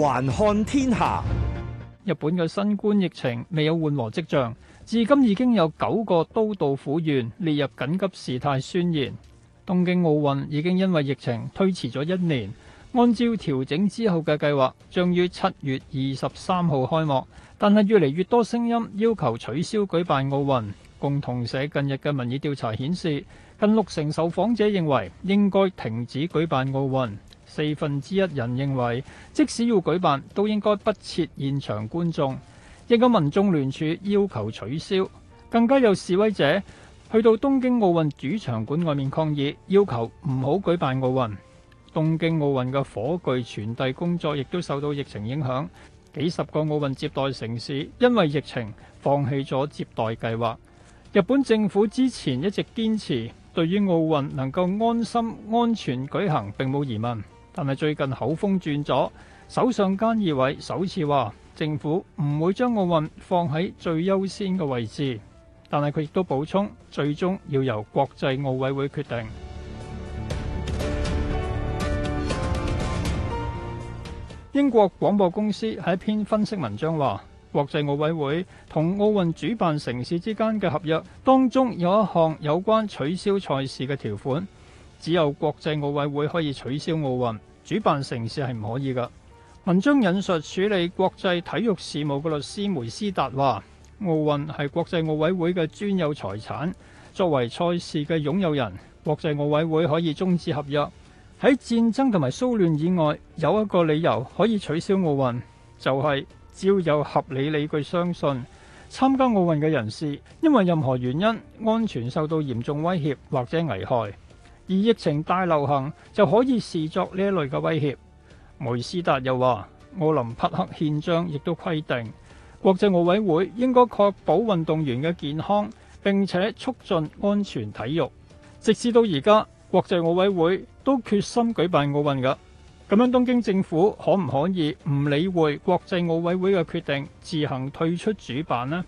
環看天下，日本嘅新冠疫情未有緩和跡象，至今已經有九個都道府縣列入緊急事態宣言。東京奧運已經因為疫情推遲咗一年，按照調整之後嘅計劃，將於七月二十三號開幕，但係越嚟越多聲音要求取消舉辦奧運。共同社近日嘅民意調查顯示，近六成受訪者認為應該停止舉辦奧運。四分之一人認為，即使要舉辦，都應該不設現場觀眾。日本民眾聯署要求取消，更加有示威者去到東京奧運主場館外面抗議，要求唔好舉辦奧運。東京奧運嘅火炬傳遞工作亦都受到疫情影響，幾十個奧運接待城市因為疫情放棄咗接待計劃。日本政府之前一直堅持，對於奧運能夠安心安全舉行並冇疑問。但係最近口風轉咗，首相菅義偉首次話政府唔會將奧運放喺最優先嘅位置，但係佢亦都補充，最終要由國際奧委會決定。英國廣播公司喺一篇分析文章話，國際奧委會同奧運主辦城市之間嘅合約當中有一項有關取消賽事嘅條款，只有國際奧委會可以取消奧運。主辦城市係唔可以噶。文章引述處理國際體育事務嘅律師梅斯達話，奧運係國際奧委會嘅專有財產，作為賽事嘅擁有人，國際奧委會可以終止合約，喺戰爭同埋騷亂以外，有一個理由可以取消奧運，就係只要有合理理據相信參加奧運嘅人士因為任何原因安全受到嚴重威脅或者危害。而疫情大流行就可以視作呢一類嘅威脅，梅斯達又話奧林匹克憲章亦都規定，國際奧委會應該確保運動員嘅健康，並且促進安全體育。直至到而家，國際奧委會都決心舉辦奧運噶，咁樣東京政府可唔可以唔理會國際奧委會嘅決定，自行退出主辦呢？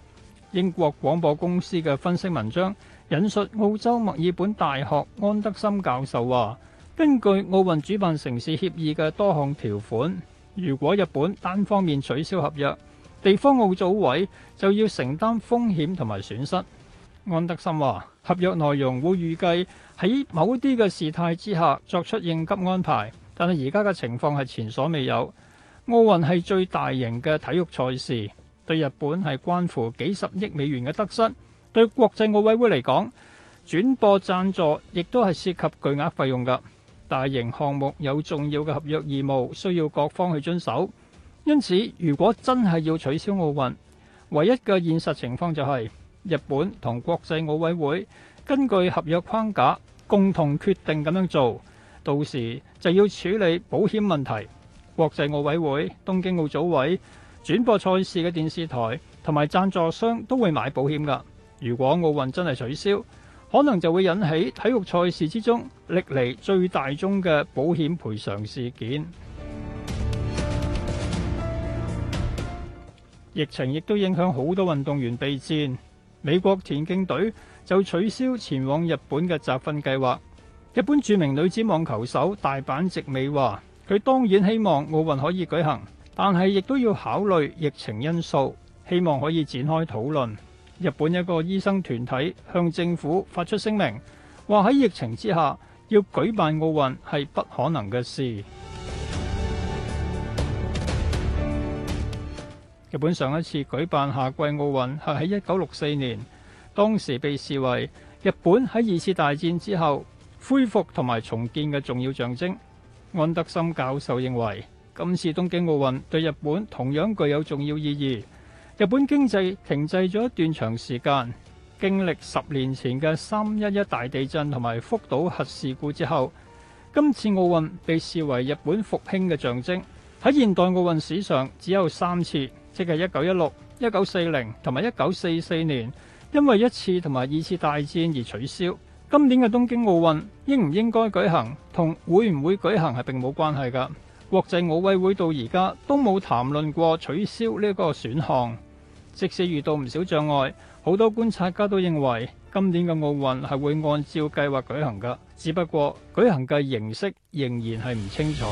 英國廣播公司嘅分析文章。引述澳洲墨爾本大學安德森教授話，根據奧運主辦城市協議嘅多項條款，如果日本單方面取消合約，地方奧組委就要承擔風險同埋損失。安德森話，合約內容會預計喺某啲嘅事態之下作出應急安排，但係而家嘅情況係前所未有。奧運係最大型嘅體育賽事，對日本係關乎幾十億美元嘅得失。對國際奧委會嚟講，轉播贊助亦都係涉及巨額費用嘅大型項目，有重要嘅合約義務，需要各方去遵守。因此，如果真係要取消奧運，唯一嘅現實情況就係日本同國際奧委會根據合約框架共同決定咁樣做。到時就要處理保險問題。國際奧委會、東京奧組委、轉播賽事嘅電視台同埋贊助商都會買保險噶。如果奧運真係取消，可能就會引起體育賽事之中歷嚟最大宗嘅保險賠償事件。 疫情亦都影響好多運動員備戰。美國田徑隊就取消前往日本嘅集訓計劃。日本著名女子網球手大坂直美話：佢當然希望奧運可以舉行，但係亦都要考慮疫情因素，希望可以展開討論。日本一個醫生團體向政府發出聲明，話喺疫情之下要舉辦奧運係不可能嘅事。日本上一次舉辦夏季奧運係喺一九六四年，當時被視為日本喺二次大戰之後恢復同埋重建嘅重要象徵。安德森教授認為，今次東京奧運對日本同樣具有重要意義。日本經濟停滯咗一段長時間，經歷十年前嘅三一一大地震同埋福島核事故之後，今次奧運被視為日本復興嘅象徵。喺現代奧運史上，只有三次，即係一九一六、一九四零同埋一九四四年，因為一次同埋二次大戰而取消。今年嘅東京奧運應唔應該舉行同會唔會舉行係並冇關係㗎。國際奧委會到而家都冇談論過取消呢個選項。即使遇到唔少障礙，好多觀察家都認為今年嘅奧運係會按照計劃舉行㗎，只不過舉行嘅形式仍然係唔清楚。